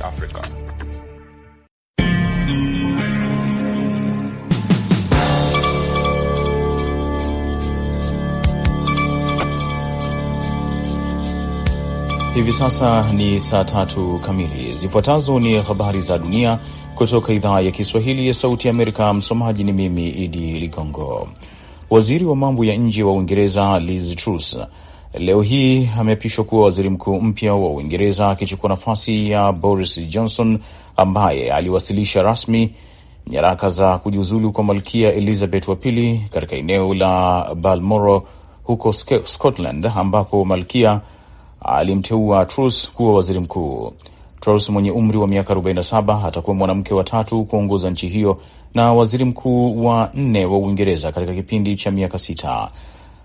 Africa. Hivi sasa ni saa tatu kamili. Zifuatazo ni habari za dunia kutoka idhaa ya Kiswahili ya Sauti ya Amerika. Msomaji ni mimi Idi Ligongo. Waziri wa mambo ya nje wa Uingereza Liz Truss leo hii ameapishwa kuwa waziri mkuu mpya wa Uingereza, akichukua nafasi ya Boris Johnson ambaye aliwasilisha rasmi nyaraka za kujiuzulu kwa Malkia Elizabeth wa pili katika eneo la Balmoro huko Scotland, ambapo malkia alimteua Truss kuwa waziri mkuu. Truss mwenye umri wa miaka 47 atakuwa mwanamke wa tatu kuongoza nchi hiyo na waziri mkuu wa nne wa Uingereza katika kipindi cha miaka sita.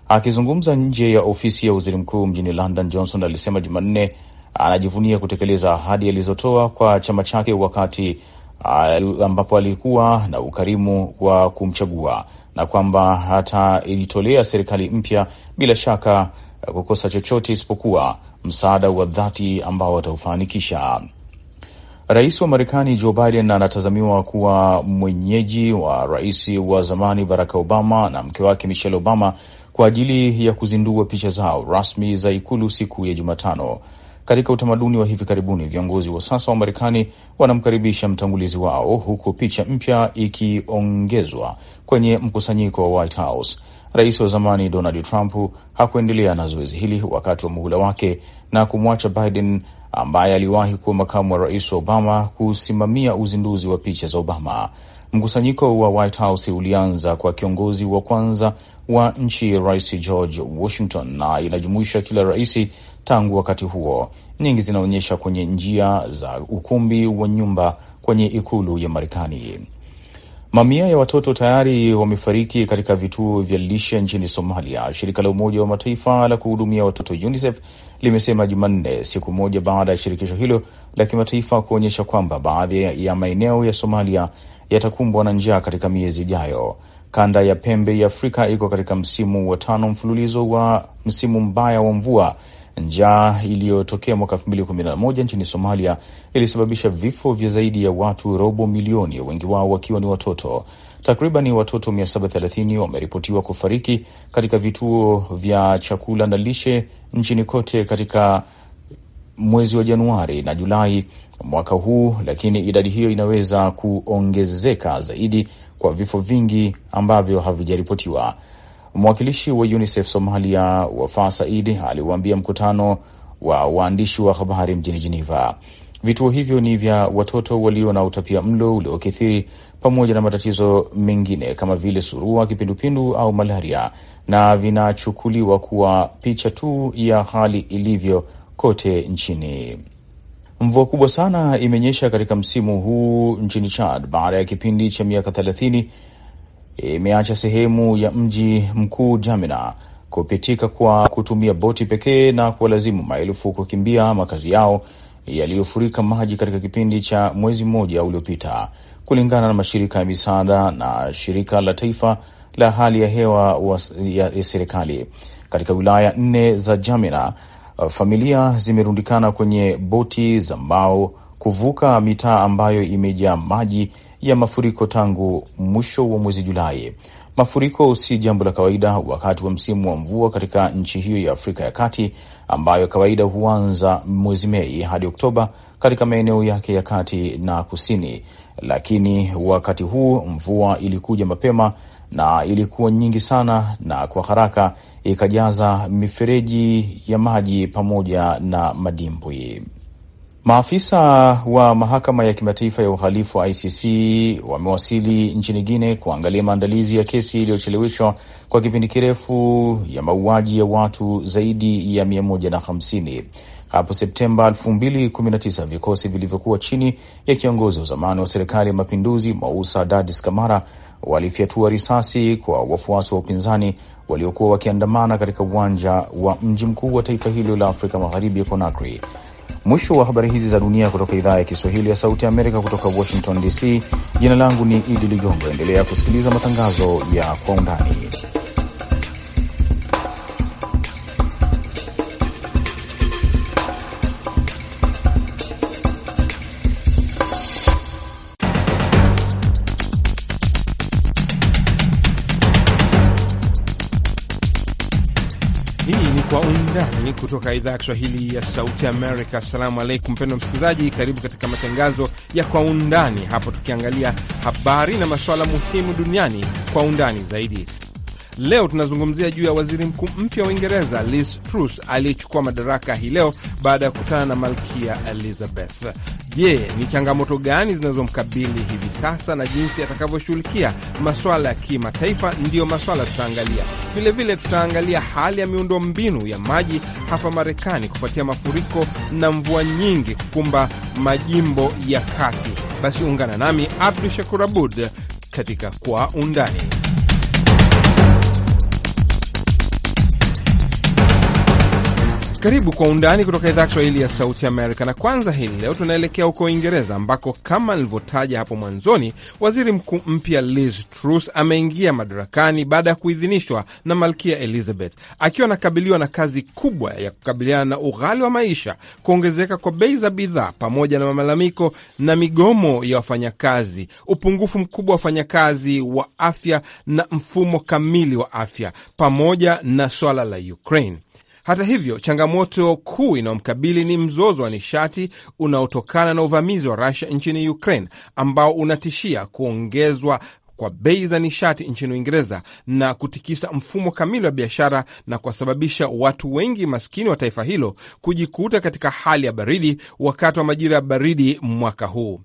Akizungumza nje ya ofisi ya waziri mkuu mjini London, Johnson alisema Jumanne anajivunia kutekeleza ahadi alizotoa kwa chama chake wakati ambapo alikuwa na ukarimu wa kumchagua na kwamba hata ilitolea serikali mpya bila shaka kukosa chochote isipokuwa msaada wa dhati ambao wataufanikisha. Rais wa Marekani Joe Biden anatazamiwa kuwa mwenyeji wa rais wa zamani Barack Obama na mke wake Michelle Obama kwa ajili ya kuzindua picha zao rasmi za ikulu siku ya Jumatano. Katika utamaduni wa hivi karibuni, viongozi wa sasa wa Marekani wanamkaribisha mtangulizi wao, huku picha mpya ikiongezwa kwenye mkusanyiko wa White House. Rais wa zamani Donald Trump hakuendelea na zoezi hili wakati wa muhula wake na kumwacha Biden ambaye aliwahi kuwa makamu wa rais wa Obama kusimamia uzinduzi wa picha za Obama. Mkusanyiko wa White House ulianza kwa kiongozi wa kwanza wa nchi Rais George Washington na inajumuisha kila raisi tangu wakati huo. Nyingi zinaonyesha kwenye njia za ukumbi wa nyumba kwenye ikulu ya Marekani. Mamia ya watoto tayari wamefariki katika vituo vya lishe nchini Somalia, shirika la Umoja wa Mataifa la kuhudumia watoto UNICEF limesema Jumanne, siku moja baada ya shirikisho hilo la kimataifa kuonyesha kwamba baadhi ya maeneo ya Somalia yatakumbwa na njaa katika miezi ijayo. Kanda ya pembe ya Afrika iko katika msimu wa tano mfululizo wa msimu mbaya wa mvua. Njaa iliyotokea mwaka 2011 nchini Somalia ilisababisha vifo vya zaidi ya watu robo milioni, wengi wao wakiwa ni watoto. Takriban watoto 730 wameripotiwa kufariki katika vituo vya chakula na lishe nchini kote katika mwezi wa Januari na Julai mwaka huu, lakini idadi hiyo inaweza kuongezeka zaidi kwa vifo vingi ambavyo havijaripotiwa. Mwakilishi wa UNICEF Somalia, Wafa Said, aliwaambia mkutano wa waandishi wa habari mjini Jeneva vituo hivyo ni vya watoto walio na utapia mlo uliokithiri pamoja na matatizo mengine kama vile surua, kipindupindu au malaria, na vinachukuliwa kuwa picha tu ya hali ilivyo kote nchini. Mvua kubwa sana imenyesha katika msimu huu nchini Chad baada ya kipindi cha miaka thelathini. Imeacha sehemu ya mji mkuu Jamina kupitika kwa kutumia boti pekee na kuwalazimu maelfu kukimbia makazi yao yaliyofurika maji katika kipindi cha mwezi mmoja uliopita, kulingana na mashirika ya misaada na shirika la taifa la hali ya hewa ya serikali. Katika wilaya nne za Jamina Uh, familia zimerundikana kwenye boti za mbao kuvuka mitaa ambayo imejaa maji ya mafuriko tangu mwisho wa mwezi Julai. Mafuriko si jambo la kawaida wakati wa msimu wa mvua katika nchi hiyo ya Afrika ya Kati ambayo kawaida huanza mwezi Mei hadi Oktoba katika maeneo yake ya kati na kusini, lakini wakati huu mvua ilikuja mapema na ilikuwa nyingi sana, na kwa haraka ikajaza mifereji ya maji pamoja na madimbwi. Maafisa wa mahakama ya kimataifa ya uhalifu wa ICC wamewasili nchini Guine kuangalia maandalizi ya kesi iliyocheleweshwa kwa kipindi kirefu ya mauaji ya watu zaidi ya 150 hapo Septemba 2019. Vikosi vilivyokuwa chini ya kiongozi wa zamani wa serikali ya mapinduzi Mausa Dadis Kamara walifyatua risasi kwa wafuasi wa upinzani waliokuwa wakiandamana katika uwanja wa mji mkuu wa taifa hilo la Afrika Magharibi, Conakry. Mwisho wa habari hizi za dunia kutoka idhaa ya Kiswahili ya Sauti ya Amerika kutoka Washington DC. Jina langu ni Idi Ligongo. Endelea kusikiliza matangazo ya Kwa Undani. kutoka idhaa ya Kiswahili ya Sauti Amerika. Assalamu alaikum mpendo msikilizaji, karibu katika matangazo ya Kwa Undani, hapo tukiangalia habari na masuala muhimu duniani kwa undani zaidi. Leo tunazungumzia juu ya waziri mkuu mpya wa Uingereza Liz Truss aliyechukua madaraka hii leo baada ya kukutana na malkia Elizabeth. Je, ni changamoto gani zinazomkabili hivi sasa na jinsi atakavyoshughulikia maswala ya kimataifa? Ndiyo maswala tutaangalia. Vilevile tutaangalia hali ya miundo mbinu ya maji hapa Marekani kufuatia mafuriko na mvua nyingi kukumba majimbo ya kati. Basi ungana nami Abdu Shakur Abud katika Kwa Undani. Karibu kwa undani kutoka idhaa Kiswahili ya Sauti Amerika. Na kwanza hii leo tunaelekea huko Uingereza, ambako kama nilivyotaja hapo mwanzoni, waziri mkuu mpya Liz Truss ameingia madarakani baada ya kuidhinishwa na Malkia Elizabeth, akiwa anakabiliwa na kazi kubwa ya kukabiliana na ughali wa maisha, kuongezeka kwa bei za bidhaa, pamoja na malalamiko na migomo ya wafanyakazi, upungufu mkubwa wa wafanyakazi wa afya na mfumo kamili wa afya, pamoja na swala la Ukraine. Hata hivyo, changamoto kuu inayomkabili ni mzozo wa nishati unaotokana na uvamizi wa Rusia nchini Ukraine ambao unatishia kuongezwa kwa bei za nishati nchini Uingereza na kutikisa mfumo kamili wa biashara na kuwasababisha watu wengi maskini wa taifa hilo kujikuta katika hali ya baridi wakati wa majira ya baridi mwaka huu.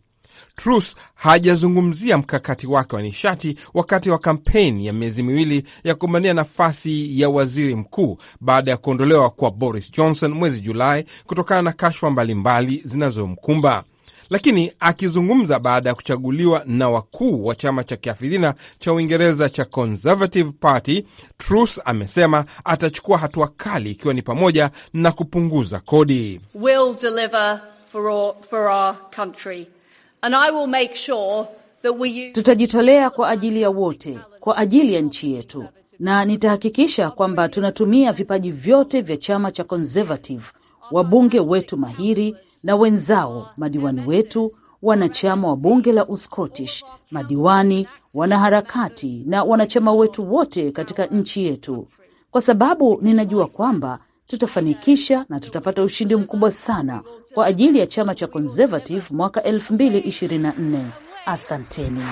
Truss hajazungumzia mkakati wake wa nishati wakati wa kampeni ya miezi miwili ya kugombania nafasi ya waziri mkuu baada ya kuondolewa kwa Boris Johnson mwezi Julai kutokana na kashfa mbalimbali zinazomkumba lakini akizungumza baada ya kuchaguliwa na wakuu wa chama cha kiafidhina cha Uingereza cha Conservative Party, Truss amesema atachukua hatua kali, ikiwa ni pamoja na kupunguza kodi. We'll deliver for all, for our country. Tutajitolea kwa ajili ya wote, kwa ajili ya nchi yetu, na nitahakikisha kwamba tunatumia vipaji vyote vya chama cha Conservative, wabunge wetu mahiri na wenzao, madiwani wetu, wanachama wa bunge la Uscottish, madiwani, wanaharakati na wanachama wetu wote katika nchi yetu, kwa sababu ninajua kwamba tutafanikisha na tutapata ushindi mkubwa sana kwa ajili ya chama cha Conservative mwaka 2024. Asanteni.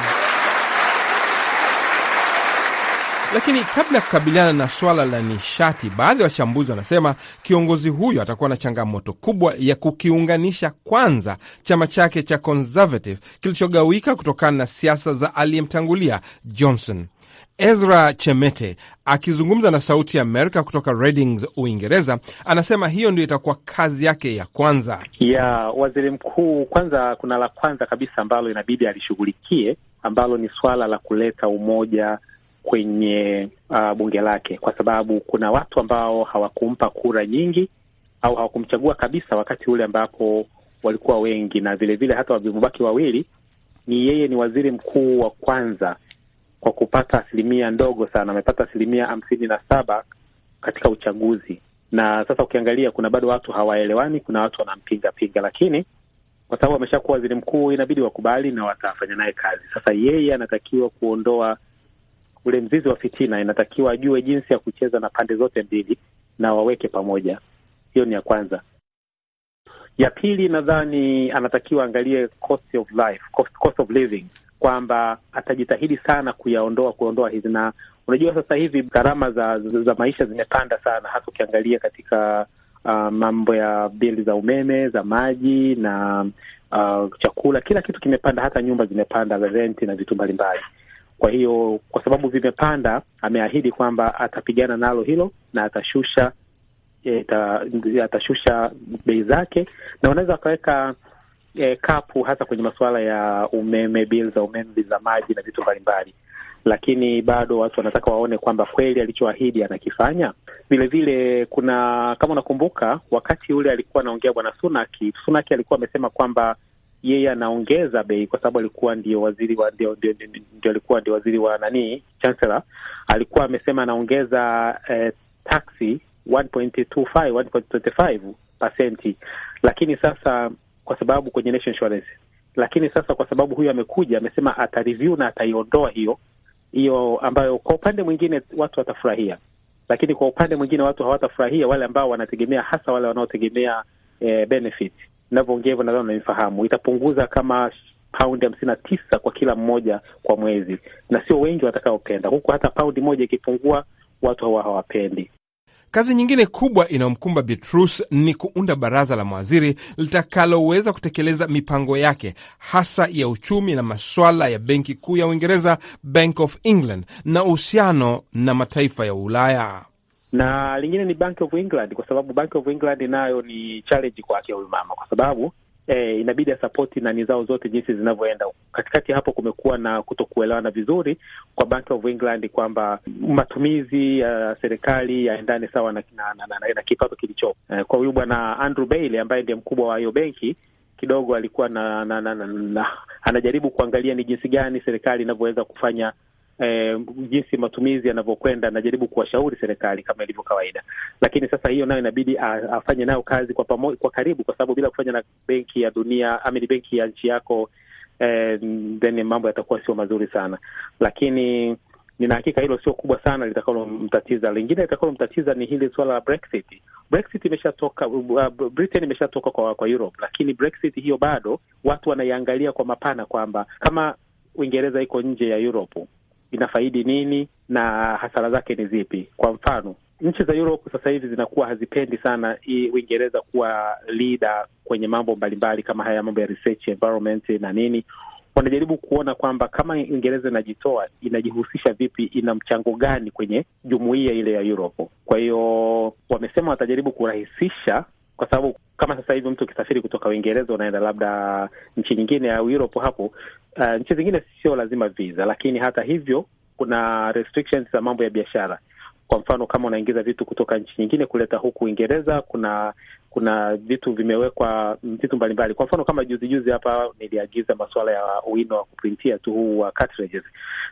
Lakini kabla ya kukabiliana na swala la nishati, baadhi ya wa wachambuzi wanasema kiongozi huyo atakuwa na changamoto kubwa ya kukiunganisha kwanza chama chake cha Conservative kilichogawika kutokana na siasa za aliyemtangulia Johnson. Ezra Chemete akizungumza na Sauti ya Amerika kutoka Reading, Uingereza, anasema hiyo ndio itakuwa kazi yake ya kwanza ya waziri mkuu. Kwanza kuna la kwanza kabisa ambalo inabidi alishughulikie, ambalo ni suala la kuleta umoja kwenye uh, bunge lake, kwa sababu kuna watu ambao hawakumpa kura nyingi au hawakumchagua kabisa wakati ule ambapo walikuwa wengi, na vilevile vile hata walivyobaki wawili, ni yeye ni waziri mkuu wa kwanza kwa kupata asilimia ndogo sana, amepata asilimia hamsini na saba katika uchaguzi. Na sasa ukiangalia, kuna bado watu hawaelewani, kuna watu wanampinga pinga, lakini kwa sababu ameshakuwa waziri mkuu inabidi wakubali na watafanya naye kazi. Sasa yeye anatakiwa kuondoa ule mzizi wa fitina, inatakiwa ajue jinsi ya kucheza na pande zote mbili na waweke pamoja. Hiyo ni ya kwanza. Ya pili, nadhani anatakiwa angalie cost of life, cost, cost of living kwamba atajitahidi sana kuyaondoa kuondoa hizi, na unajua sasa hivi gharama za, za, za maisha zimepanda sana, hasa ukiangalia katika uh, mambo ya bili za umeme za maji na uh, chakula, kila kitu kimepanda, hata nyumba zimepanda za renti na vitu mbalimbali. Kwa hiyo kwa sababu vimepanda, ameahidi kwamba atapigana nalo hilo na atashusha, eh, atashusha bei zake na unaweza wakaweka eh, kapu hasa kwenye masuala ya umeme, bili za umeme, bili za maji na vitu mbalimbali, lakini bado watu wanataka waone kwamba kweli alichoahidi anakifanya. Vilevile kuna kama unakumbuka, wakati ule alikuwa anaongea bwana Sunaki, Sunaki alikuwa amesema kwamba yeye anaongeza bei kwa sababu alikuwa ndio waziri wa ndio, ndio, ndio, ndio alikuwa ndio waziri wa nani, chancellor alikuwa amesema anaongeza eh, taxi 1.25 1.25 pasenti, lakini sasa kwa sababu kwenye National Insurance, lakini sasa kwa sababu huyu amekuja amesema ata review na ataiondoa hiyo hiyo, ambayo kwa upande mwingine watu watafurahia, lakini kwa upande mwingine watu hawatafurahia, wale ambao wanategemea, hasa wale wanaotegemea eh, benefit. Navyoongea hivyo nadhani unanifahamu. Itapunguza kama paundi hamsini na tisa kwa kila mmoja kwa mwezi, na sio wengi watakaopenda, huku hata paundi moja ikipungua watu hawa hawapendi. Kazi nyingine kubwa inayomkumba Bitrus ni kuunda baraza la mawaziri litakaloweza kutekeleza mipango yake hasa ya uchumi na maswala ya benki kuu ya Uingereza, Bank of England, na uhusiano na mataifa ya Ulaya na lingine ni Bank of England, kwa sababu Bank of England nayo ni challenge kwake huyu mama, kwa sababu eh, inabidi asapoti nani zao zote jinsi zinavyoenda. Katikati hapo kumekuwa na kutokuelewana vizuri kwa Bank of England kwamba matumizi ya uh, serikali yaendane sawa na, na, na, na, na kipato kilichopo. Eh, kwa huyu bwana Andrew Bailey ambaye ndiye mkubwa wa hiyo benki kidogo alikuwa na, na, na, na, na, anajaribu kuangalia ni jinsi gani serikali inavyoweza kufanya eh, jinsi matumizi yanavyokwenda, anajaribu kuwashauri serikali kama ilivyo kawaida. Lakini sasa hiyo nayo inabidi afanye nayo kazi kwa pamo, kwa karibu, kwa sababu bila kufanya na benki ya dunia ni benki ya nchi yako eh, then mambo yatakuwa sio mazuri sana, lakini nina hakika hilo sio kubwa sana litakalomtatiza. Lingine litakalomtatiza ni hili suala la Brexit. Brexit imeshatoka, uh, Britain imeshatoka kwa, kwa Europe, lakini Brexit hiyo bado watu wanaiangalia kwa mapana, kwamba kama Uingereza iko nje ya Europe inafaidi nini na hasara zake ni zipi. Kwa mfano nchi za Europe sasa hivi zinakuwa hazipendi sana hii Uingereza kuwa leader kwenye mambo mbalimbali kama haya mambo ya research environment na nini. Wanajaribu kuona kwamba kama Uingereza inajitoa inajihusisha vipi, ina mchango gani kwenye jumuiya ile ya Europe. Kwa hiyo wamesema watajaribu kurahisisha, kwa sababu kama sasa hivi mtu ukisafiri kutoka Uingereza unaenda labda nchi nyingine ya Europe hapo Uh, nchi zingine sio lazima visa, lakini hata hivyo kuna restrictions za mambo ya biashara. Kwa mfano, kama unaingiza vitu kutoka nchi nyingine kuleta huku Uingereza, kuna kuna vitu vimewekwa, vitu mbalimbali. Kwa mfano, kama juzi juzi hapa niliagiza masuala ya wino wa kuprintia tu huu wa cartridges,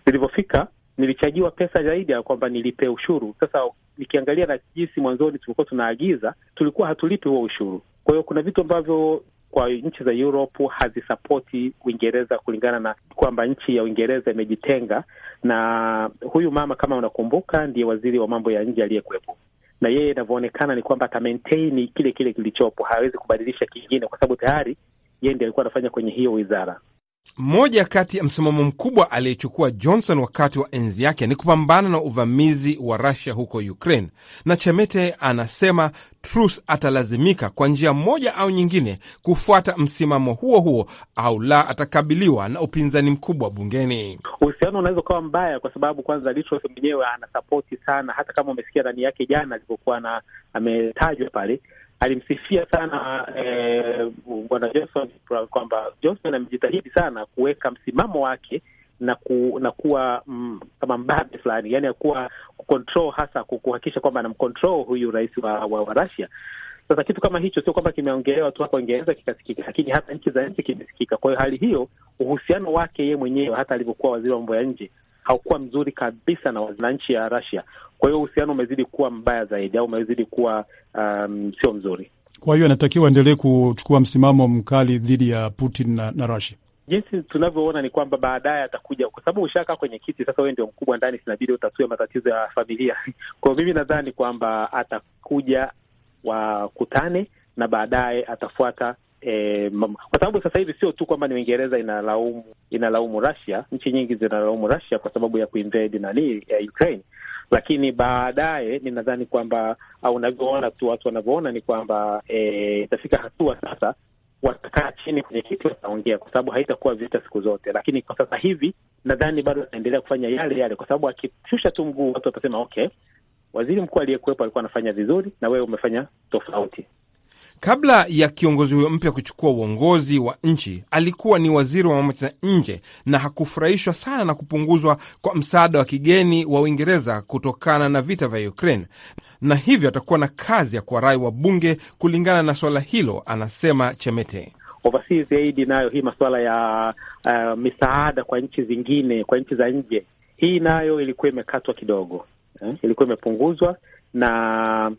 nilivyofika nilichajiwa pesa zaidi ya kwamba nilipe ushuru. Sasa nikiangalia na jinsi mwanzoni tulikuwa tunaagiza, tulikuwa hatulipi huo ushuru. Kwa hiyo kuna vitu ambavyo kwa nchi za Europe hazisapoti Uingereza kulingana na kwamba nchi ya Uingereza imejitenga. Na huyu mama kama unakumbuka, ndiye waziri wa mambo ya nje aliyekuwepo, na yeye inavyoonekana ni kwamba ata maintain kile kile kilichopo, hawezi kubadilisha kingine, kwa sababu tayari yeye ndiye alikuwa anafanya kwenye hiyo wizara. Mmoja kati ya msimamo mkubwa aliyechukua Johnson wakati wa enzi yake ni kupambana na uvamizi wa Russia huko Ukraine, na Chemete anasema Truss atalazimika kwa njia moja au nyingine kufuata msimamo huo huo, au la atakabiliwa na upinzani mkubwa bungeni. Uhusiano unaweza ukawa mbaya, kwa sababu kwanza Truss mwenyewe anasapoti sana, hata kama umesikia ndani yake jana alivyokuwa ametajwa pale alimsifia sana eh, bwana Johnson kwamba Johnson amejitahidi sana kuweka msimamo wake na ku, na kuwa mm, kama mbabe fulani, yani akuwa kucontrol hasa kuhakikisha kwamba anamcontrol huyu rais wa, wa, wa Russia. Sasa kitu kama hicho sio kwamba kimeongelewa tu hapa Uingereza kikasikika, lakini hata nchi za nchi kimesikika. Kwa hiyo hali hiyo, uhusiano wake yeye mwenyewe hata alivyokuwa waziri wa mambo ya nje haukuwa mzuri kabisa na wananchi ya Russia. Kwa hiyo uhusiano umezidi kuwa mbaya zaidi au umezidi kuwa um, sio mzuri. Kwa hiyo anatakiwa endelee kuchukua msimamo mkali dhidi ya Putin na, na Russia. Jinsi tunavyoona ni kwamba baadaye atakuja, kwa sababu ushakaa kwenye kiti sasa, wewe ndio mkubwa ndani, sinabidi utatue matatizo ya familia kwao. Mimi nadhani kwamba atakuja wakutane na baadaye atafuata eh, kwa sababu sasa hivi sio tu kwamba ni Uingereza inalaumu inalaumu Russia, nchi nyingi zinalaumu Russia kwa sababu ya kuinvade nani ya eh, Ukraine, lakini baadaye ninadhani kwamba au unavyoona tu watu wanavyoona ni kwamba eh, itafika hatua sasa watakaa chini kwenye kitu wataongea, kwa sababu haitakuwa vita siku zote. Lakini kwa sasa hivi nadhani bado ataendelea kufanya yale yale, kwa sababu akishusha tu mguu watu watasema okay, waziri mkuu aliyekuwepo alikuwa anafanya vizuri na wewe umefanya tofauti. Kabla ya kiongozi huyo mpya kuchukua uongozi wa nchi, alikuwa ni waziri wa mambo ya nje na hakufurahishwa sana na kupunguzwa kwa msaada wa kigeni wa Uingereza kutokana na vita vya Ukraine, na hivyo atakuwa na kazi ya kuwarai bunge kulingana na suala hilo, anasema Chemete. Overseas aid nayo hii masuala ya uh, misaada kwa nchi zingine, kwa nchi za nje, hii nayo ilikuwa imekatwa kidogo eh, ilikuwa imepunguzwa na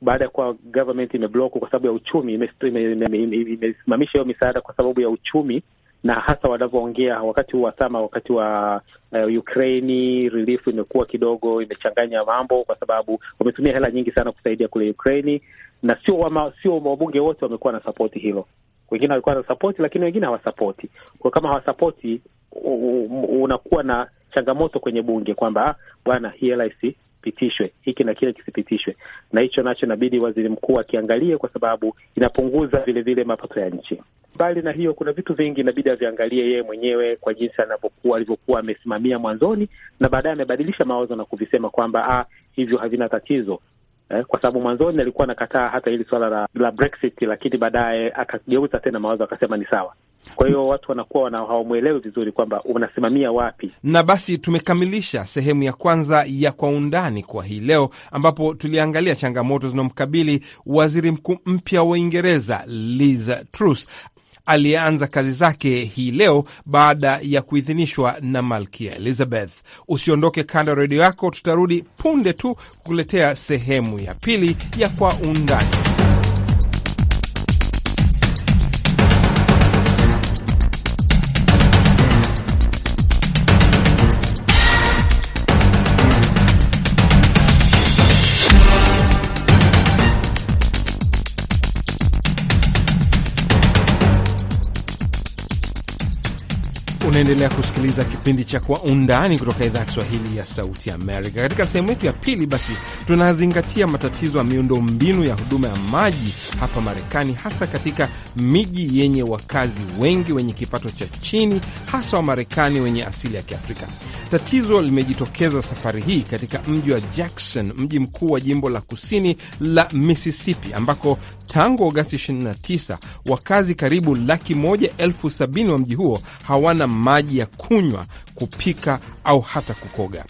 baada ya kuwa government imeblock kwa sababu ya uchumi, imesimamisha hiyo misaada kwa sababu ya uchumi na hasa wanavyoongea wakati wa sama wakati wa uh, eh, Ukraini relief imekuwa kidogo imechanganya mambo, kwa sababu wametumia hela nyingi sana kusaidia kule Ukraini, na sio wama, sio wabunge wote wamekuwa na sapoti hilo. Wengine walikuwa na sapoti, lakini wengine hawasapoti. Kwa kama hawasapoti, unakuwa na changamoto kwenye bunge kwamba ah, bwana, hii hela kisipitishwe, hiki na kile kisipitishwe, na hicho nacho inabidi waziri mkuu akiangalie, kwa sababu inapunguza vilevile mapato ya nchi. Mbali na hiyo, kuna vitu vingi inabidi aviangalie yeye mwenyewe kwa jinsi anavyokuwa alivyokuwa amesimamia mwanzoni, na baadaye amebadilisha mawazo na kuvisema kwamba ah, hivyo havina tatizo eh, kwa sababu mwanzoni alikuwa anakataa hata hili swala la, la Brexit, lakini baadaye akageuza tena mawazo akasema ni sawa. Kwa hiyo watu wanakuwa hawamwelewi vizuri kwamba unasimamia wapi. Na basi tumekamilisha sehemu ya kwanza ya Kwa Undani kwa hii leo, ambapo tuliangalia changamoto zinazomkabili waziri mkuu mpya wa Uingereza Liz Truss aliyeanza kazi zake hii leo baada ya kuidhinishwa na Malkia Elizabeth. Usiondoke kando ya redio yako, tutarudi punde tu kukuletea sehemu ya pili ya Kwa Undani. Unaendelea kusikiliza kipindi cha Kwa Undani kutoka idhaa ya Kiswahili ya Sauti Amerika. Katika sehemu yetu ya pili, basi tunazingatia matatizo ya miundo mbinu ya huduma ya maji hapa Marekani, hasa katika miji yenye wakazi wengi wenye kipato cha chini, hasa wa marekani wenye asili ya Kiafrika. Tatizo limejitokeza safari hii katika mji wa Jackson, mji mkuu wa jimbo la kusini la Mississippi, ambako tangu Agosti 29 wakazi karibu laki moja elfu sabini wa mji huo hawana maji ya kunywa, kupika au hata kukoga.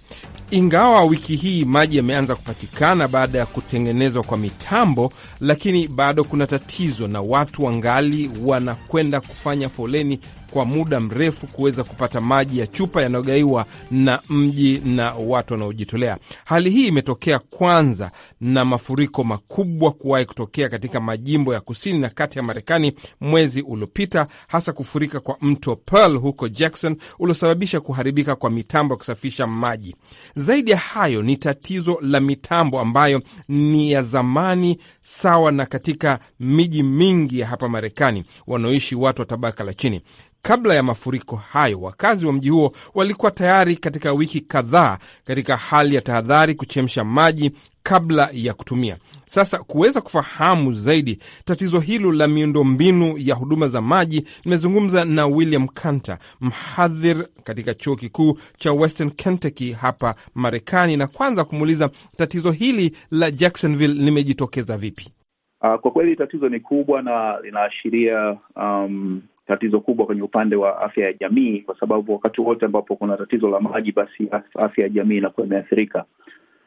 Ingawa wiki hii maji yameanza kupatikana baada ya kutengenezwa kwa mitambo, lakini bado kuna tatizo na watu wangali wanakwenda kufanya foleni kwa muda mrefu kuweza kupata maji ya chupa yanayogaiwa na mji na watu wanaojitolea. Hali hii imetokea kwanza na mafuriko makubwa kuwahi kutokea katika majimbo ya kusini na kati ya Marekani mwezi uliopita, hasa kufurika kwa mto Pearl huko Jackson uliosababisha kuharibika kwa mitambo ya kusafisha maji. Zaidi ya hayo ni tatizo la mitambo ambayo ni ya zamani, sawa na katika miji mingi ya hapa Marekani wanaoishi watu wa tabaka la chini. Kabla ya mafuriko hayo, wakazi wa mji huo walikuwa tayari katika wiki kadhaa katika hali ya tahadhari kuchemsha maji kabla ya kutumia. Sasa kuweza kufahamu zaidi tatizo hilo la miundombinu ya huduma za maji, nimezungumza na William Kanta, mhadhir katika chuo kikuu cha Western Kentucky hapa Marekani, na kwanza kumuuliza tatizo hili la Jacksonville limejitokeza vipi? Uh, kwa kweli tatizo ni kubwa na linaashiria um, tatizo kubwa kwenye upande wa afya ya jamii, kwa sababu wakati wote ambapo kuna tatizo la maji, basi afya ya jamii inakuwa imeathirika.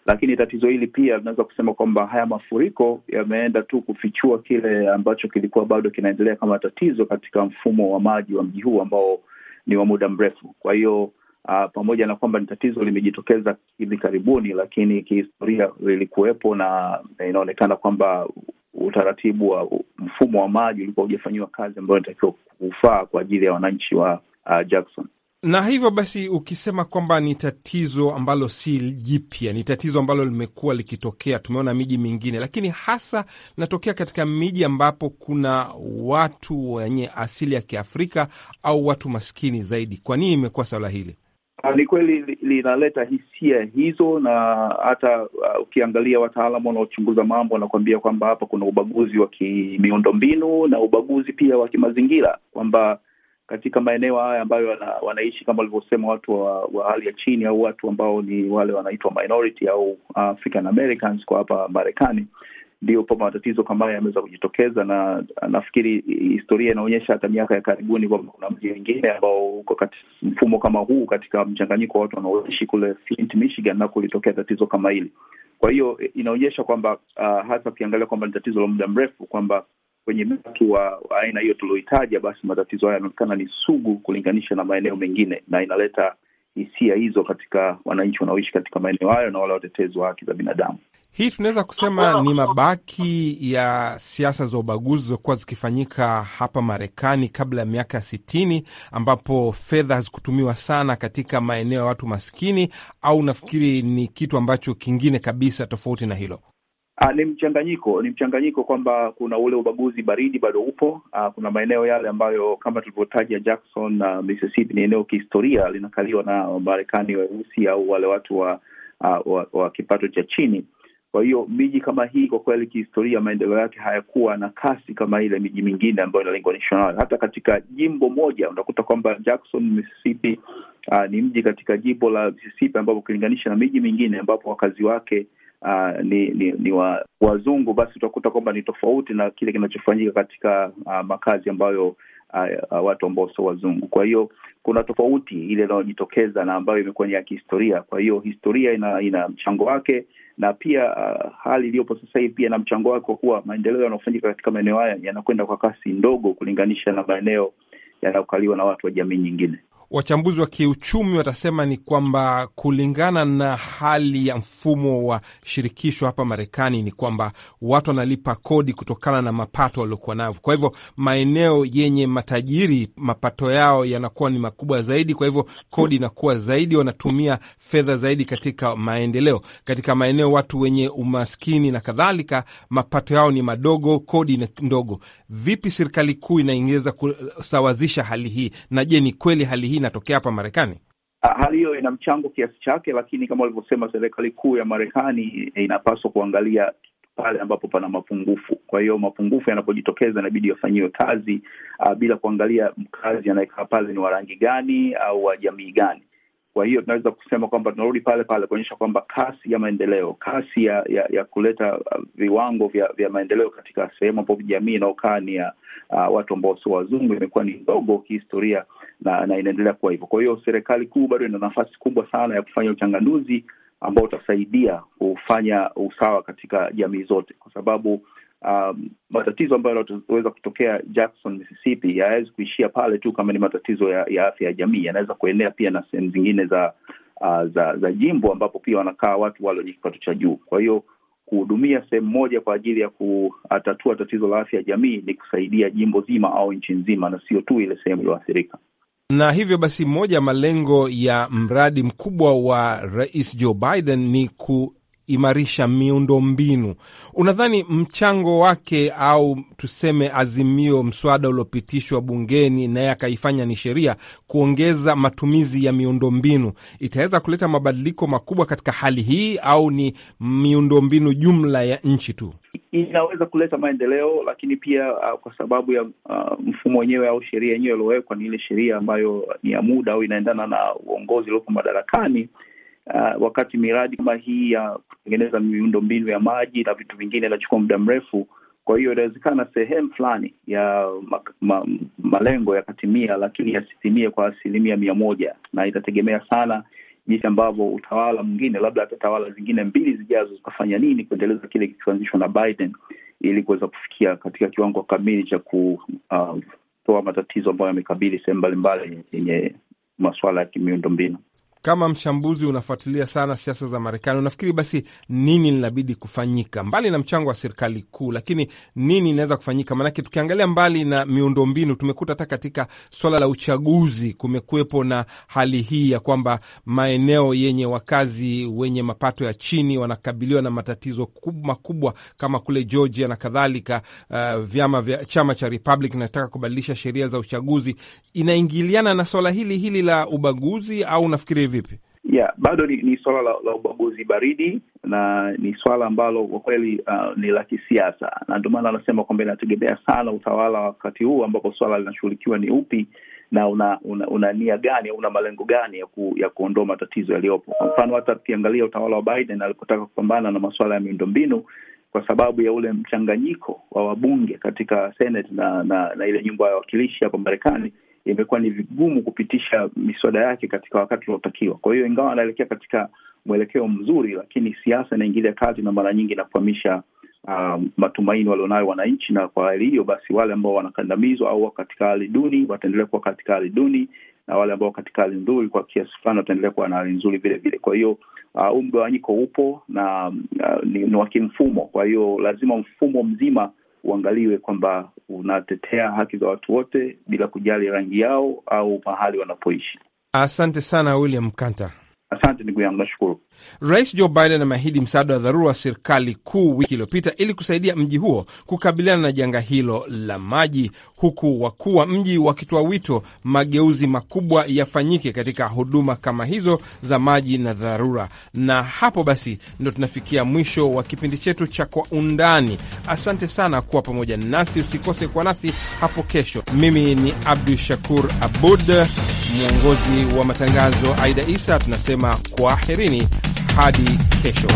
Lakini tatizo hili pia linaweza kusema kwamba haya mafuriko yameenda tu kufichua kile ambacho kilikuwa bado kinaendelea kama tatizo katika mfumo wa maji wa mji huu ambao ni wa muda mrefu. Kwa hiyo uh, pamoja na kwamba ni tatizo limejitokeza hivi karibuni, lakini kihistoria lilikuwepo na inaonekana kwamba utaratibu wa mfumo wa maji ulikuwa hujafanyiwa kazi ambayo inatakiwa kufaa kwa ajili ya wananchi wa uh, Jackson na hivyo basi, ukisema kwamba ni tatizo ambalo si jipya, ni tatizo ambalo limekuwa likitokea, tumeona miji mingine, lakini hasa linatokea katika miji ambapo kuna watu wenye asili ya Kiafrika au watu maskini zaidi. Kwa nini imekuwa swala hili? Ah, ni kweli linaleta hisia hizo, na hata uh, ukiangalia wataalamu wanaochunguza mambo wanakuambia kwamba hapa kuna ubaguzi wa kimiundo mbinu na ubaguzi pia wa kimazingira, kwamba katika maeneo haya ambayo wana, wanaishi kama walivyosema watu wa, wa hali ya chini au watu ambao ni wale wanaitwa minority au African Americans kwa hapa Marekani ndiopo matatizo kama haya yameweza kujitokeza, na nafikiri historia inaonyesha hata miaka ya karibuni kwamba kuna mji wengine ambao uko katika mfumo kama huu, katika mchanganyiko wa watu wanaoishi kule Flint, Michigan, na kulitokea tatizo kama hili. Kwa hiyo eh, inaonyesha kwamba uh, hasa ukiangalia kwamba ni tatizo la muda mrefu, kwamba kwenye mtu wa aina hiyo tuliohitaja, basi matatizo haya yanaonekana ni sugu kulinganisha na maeneo mengine, na inaleta hisia hizo katika wananchi wanaoishi katika maeneo hayo na wale watetezi wa haki za binadamu. Hii tunaweza kusema ni mabaki ya siasa za ubaguzi zilizokuwa zikifanyika hapa Marekani kabla ya miaka ya sitini, ambapo fedha hazikutumiwa sana katika maeneo ya watu maskini, au nafikiri ni kitu ambacho kingine kabisa tofauti na hilo? A, ah, ni mchanganyiko, ni mchanganyiko kwamba kuna ule ubaguzi baridi bado upo. A, ah, kuna maeneo yale ambayo kama tulivyotaja Jackson na ah, Mississippi, ni eneo kihistoria linakaliwa na Marekani weusi au wale watu wa, wa, wa kipato cha chini kwa hiyo miji kama hii kwa kweli, kihistoria, maendeleo yake hayakuwa na kasi kama ile miji mingine ambayo inalinganishwa nayo. Hata katika jimbo moja unakuta kwamba Jackson, Mississippi, uh, ni mji katika jimbo la Mississippi ambapo ukilinganisha na miji mingine ambapo wakazi wake Uh, ni ni, ni wa, wazungu basi utakuta kwamba ni tofauti na kile kinachofanyika katika uh, makazi ambayo Uh, uh, watu ambao sio wazungu. Kwa hiyo kuna tofauti ile inayojitokeza na ambayo imekuwa ni ya kihistoria. Kwa hiyo historia ina, ina mchango wake na pia uh, hali iliyopo sasa hivi pia na mchango wake, kwa kuwa maendeleo yanayofanyika katika maeneo haya yanakwenda kwa kasi ndogo kulinganisha na maeneo yanayokaliwa na watu wa jamii nyingine wachambuzi wa kiuchumi watasema ni kwamba kulingana na hali ya mfumo wa shirikisho hapa Marekani ni kwamba watu wanalipa kodi kutokana na mapato waliokuwa nayo. Kwa hivyo maeneo yenye matajiri mapato yao yanakuwa ni makubwa zaidi, kwa hivyo kodi inakuwa zaidi, wanatumia fedha zaidi katika maendeleo. Katika maeneo watu wenye umaskini na kadhalika, mapato yao ni madogo, kodi ni ndogo. Vipi serikali kuu inaingeza kusawazisha hali hii? Na je, ni kweli hali hii inatokea hapa Marekani? Ah, hali hiyo ina mchango kiasi chake, lakini kama walivyosema, serikali kuu ya Marekani eh, inapaswa kuangalia pale ambapo pana mapungufu. Kwa hiyo mapungufu yanapojitokeza inabidi yafanyiwe kazi uh, bila kuangalia mkazi anayekaa pale ni wa rangi gani au wa jamii gani. Kwa hiyo tunaweza kusema kwamba tunarudi pale pale kuonyesha kwamba kasi ya maendeleo, kasi ya ya, ya kuleta uh, viwango vya, vya maendeleo katika sehemu ambapo jamii inaokaa ni ya uh, watu ambao sio wazungu imekuwa ni ndogo kihistoria na, na inaendelea kuwa hivyo. Kwa hiyo serikali kuu bado ina nafasi kubwa sana ya kufanya uchanganuzi ambao utasaidia kufanya usawa katika jamii zote, kwa sababu um, matatizo ambayo yanaweza kutokea Jackson, Mississippi hayawezi kuishia pale tu kama ni matatizo ya, ya afya ya jamii, yanaweza kuenea pia na sehemu zingine za, uh, za za jimbo ambapo pia wanakaa watu wale wenye kipato cha juu. Kwa hiyo kuhudumia sehemu moja kwa ajili ya kutatua tatizo la afya ya jamii ni kusaidia jimbo zima au nchi nzima, na sio tu ile sehemu iliyoathirika na hivyo basi, moja ya malengo ya mradi mkubwa wa Rais Joe Biden ni ku imarisha miundombinu. Unadhani mchango wake au tuseme azimio, mswada uliopitishwa bungeni naye akaifanya ni sheria, kuongeza matumizi ya miundombinu itaweza kuleta mabadiliko makubwa katika hali hii, au ni miundombinu jumla ya nchi tu inaweza kuleta maendeleo? Lakini pia uh, kwa sababu ya uh, mfumo wenyewe au sheria yenyewe iliyowekwa ni ile sheria ambayo ni ya muda au inaendana na uongozi uliopo madarakani uh, wakati miradi kama hii ya kutengeneza miundo mbinu ya maji na vitu vingine inachukua muda mrefu. Kwa hiyo inawezekana sehemu fulani ya ma, ma, malengo yakatimia, lakini yasitimie kwa asilimia mia moja, na itategemea sana jinsi ambavyo utawala mwingine, labda hata tawala zingine mbili zijazo, zitafanya nini kuendeleza kile kilichoanzishwa na Biden ili kuweza kufikia katika kiwango kamili cha kutoa uh, matatizo ambayo yamekabili sehemu mbalimbali yenye masuala ya mbinu kama mchambuzi unafuatilia sana siasa za Marekani, unafikiri basi nini linabidi kufanyika mbali na mchango wa serikali kuu, lakini nini inaweza kufanyika? Maanake tukiangalia mbali na miundombinu, tumekuta hata katika swala la uchaguzi kumekuwepo na hali hii ya kwamba maeneo yenye wakazi wenye mapato ya chini wanakabiliwa na matatizo makubwa kama kule Georgia na kadhalika. Uh, vyama vya chama cha Republic nataka kubadilisha sheria za uchaguzi, inaingiliana na swala hili hili la ubaguzi au nafikiri vipi? Yeah, bado ni, ni swala la, la ubaguzi baridi na ni swala ambalo kwa kweli uh, ni la kisiasa, na ndio maana anasema kwamba inategemea sana utawala wa wakati huu ambapo swala linashughulikiwa ni upi na una, una, una nia gani au una malengo gani ya, ku, ya kuondoa matatizo yaliyopo. Kwa mfano hata tukiangalia utawala wa Biden alipotaka kupambana na masuala ya miundombinu kwa sababu ya ule mchanganyiko wa wabunge katika Senate na, na, na ile nyumba ya wakilishi hapa Marekani imekuwa ni vigumu kupitisha miswada yake katika wakati unaotakiwa. Kwa hiyo ingawa anaelekea katika mwelekeo mzuri, lakini siasa inaingilia kati na mara nyingi inakwamisha uh, um, matumaini walionayo wananchi, na kwa hali hiyo basi wale ambao wanakandamizwa au katika hali duni wataendelea kuwa katika hali duni na wale ambao katika hali nzuri kwa kiasi fulani wataendelea kuwa na hali nzuri vile vile. Kwa hiyo uh, huu uh, mgawanyiko upo na uh, ni, ni wa kimfumo. Kwa hiyo lazima mfumo mzima uangaliwe kwamba unatetea haki za watu wote bila kujali rangi yao au mahali wanapoishi. Asante sana William Kanta. Asante ndugu yangu, nashukuru. Rais Joe Biden ameahidi msaada wa dharura wa serikali kuu wiki iliyopita ili kusaidia mji huo kukabiliana na janga hilo la maji, huku wakuu wa mji wakitoa wito mageuzi makubwa yafanyike katika huduma kama hizo za maji na dharura. Na hapo basi ndo tunafikia mwisho wa kipindi chetu cha Kwa Undani. Asante sana kuwa pamoja nasi, usikose kuwa nasi hapo kesho. Mimi ni Abdu Shakur Abud mwongozi wa matangazo Aida Isa, tunasema kwaherini hadi kesho.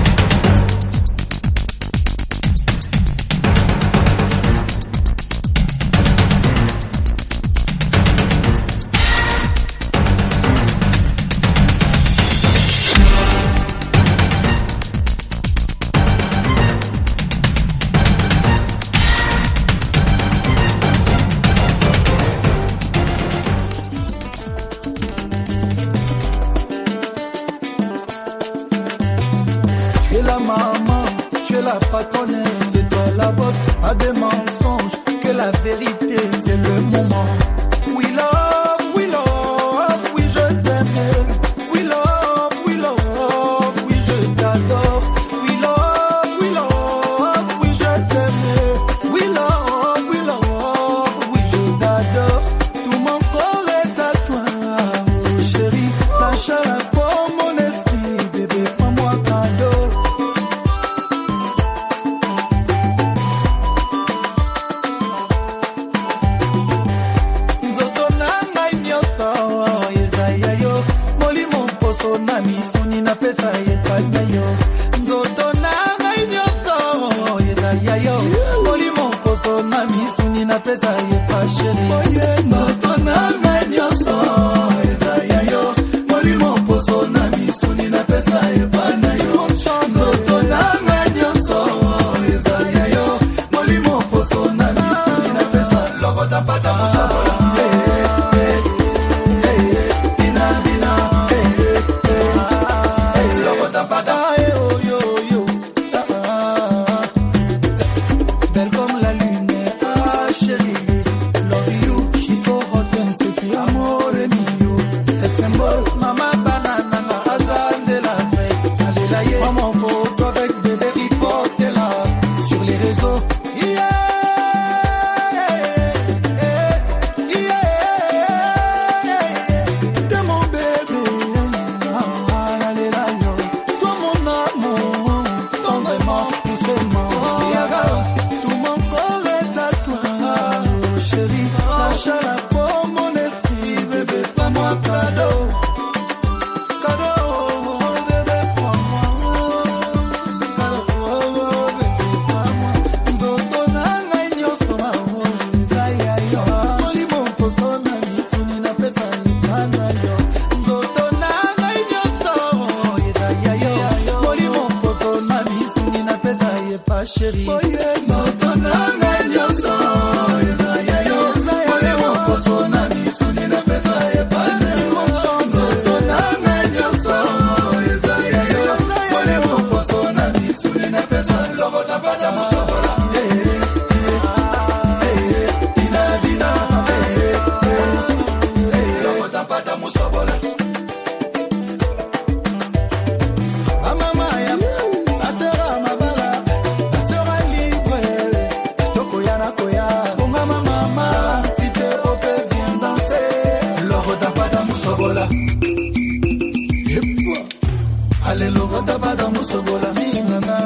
ale logo da bada musobola ninga na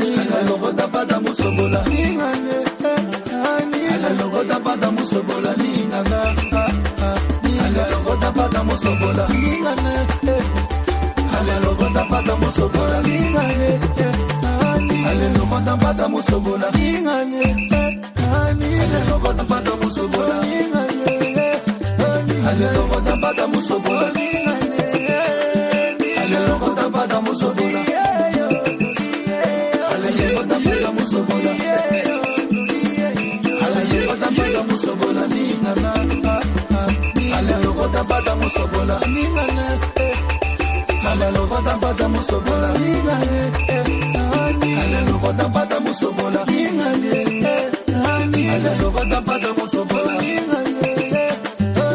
ninga logo da bada musobola ninga ne ale logo da bada musobola ninga na ninga logo da bada musobola ninga ne ale logo da bada musobola ninga ne ale logo da bada musobola ninga ne ale logo da bada musobola ninga ne ale logo da bada musobola ninga musobola ningana alelokota ah, ah. pata musobola ningana eh. alelokota pata musobola ningana eh, ah, alelokota pata musobola ningana eh, alelokota pata